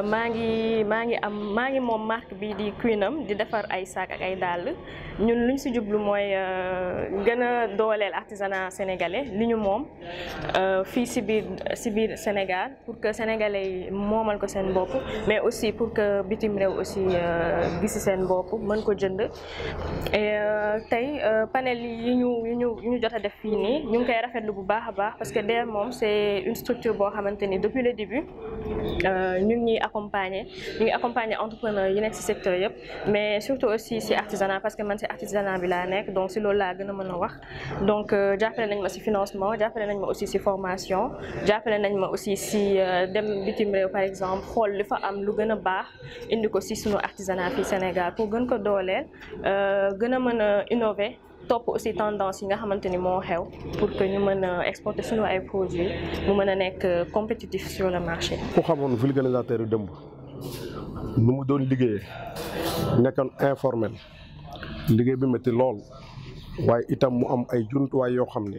Mangi, mangi, am maa ngi mark bi di Queenam di defar ay sac ak ay dal ñun luñ ci jublu moy euh, gëna dolel artisanat sénégalais liñu mom euh, fi ci si biir si biir Sénégal pour que sénégalais momal ko sen bop mais aussi pour que bitim rew aussi euh, gisi sen bop mën ko jënd et tay panel yi ñu ñu ñu jotta def fi ni ñu ngi koy rafetlu bu baaxa baax parce que dès mom c'est une structure bo xamanteni depuis le début ñu ngi accompagner ñu accompagner entrepreneurs secteur mais surtout aussi si artisans parce que man si artisanat donc si loolu donc euh, nañ ma financement aussi formation nañ aussi euh, par exemple xool li fa am lu baax indi ko Sénégal pour gën ko euh, innover topp aussi tendance yi nga xamanteni mo xew pour que ñu mëna exporter suñu ay produits mu mëna nek euh, compétitif sur le marché. ku xamone vulgarisateur demb dëmb nu mu doon liggéey nekkoon informel liggéey bi metti lool waaye itam mu am ay jumtuwaay yoo xam ne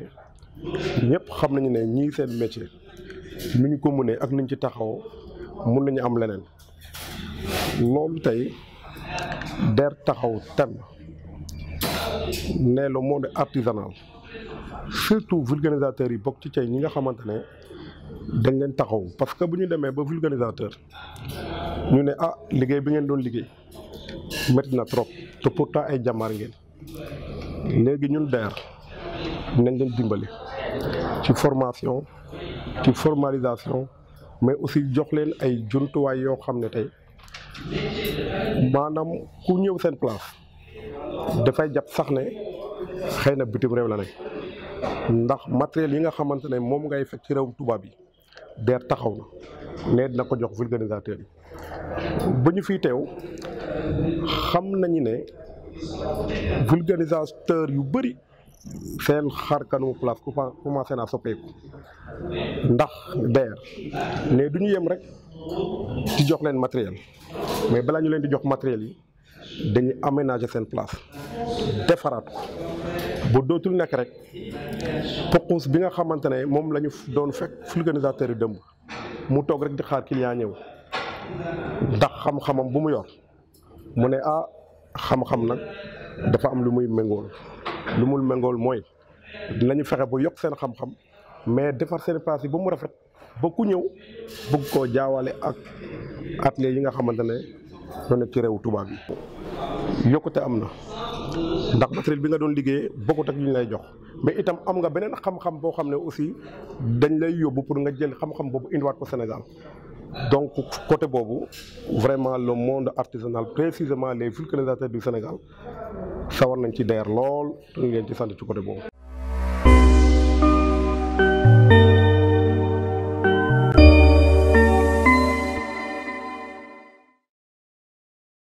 ñëpp xam nañu ne ñii seen métier nu ñu ko mënee ak niñ ci taxaw mun nañu am leneen loolu tey der taxaw tem ne le monde artisanal surtout vulgarisateurs yi bokk ci tey ñi nga xamante ne dañ leen taxaw parce que bu ñu demee ba vulgarisateur ñu ne ah liggéey bi ngeen doon liggéey métti na trop te pourtant ay jamaar ngeen léegi ñun DER nañ leen dimbali ci formation ci formalisation mais aussi jox leen ay jumtuwaay yoo xam ne tey maanaam ku ñëw seen place. dafay jàpp sax ne xëy na bitim réew la nekk ndax matériel yi nga xamante ne moom ngay fekk ci réewum tubaab yi DER taxaw na ne dina ko jox vulcanisateur yi ba ñu fiy teew xam nañu ne vulcanisateur yu bëri seen xar kanamu place commencé naa soppeeku ndax DER ne du ñu yem rek ci jox leen matériel mais balaa ñu leen di jox matériel yi. dañuy aménager seen place defaraat ko bu dootul nekk rek pokkuus bi nga xamante ne moom la ñu doon fekk vulcanisateur yi dëmb mu toog rek di xaar client ñëw ndax xam-xamam bu mu yor mu ne ah xam-xam nag dafa am lu muy méngool lu mul méngool mooy dinañu fexe ba yokk seen xam-xam mais defar seen place yi ba mu rafet ba ku ñëw bëgg koo jaawale ak atelier yi nga xamante ne ñoo nekk ci réewu tubaab yi yokkute am na ndax matériel bi nga doon liggéey bokkut ak li ñu lay jox mais itam am nga beneen xam-xam boo xam ne aussi dañ lay yóbbu pour nga jël xam-xam boobu indiwaat ko Sénégal. donc côté boobu vraiment le monde artisanal précisément les vulcanisateurs du Sénégal sawar nañ ci deer lool ñu leen ci sant ci côté boobu.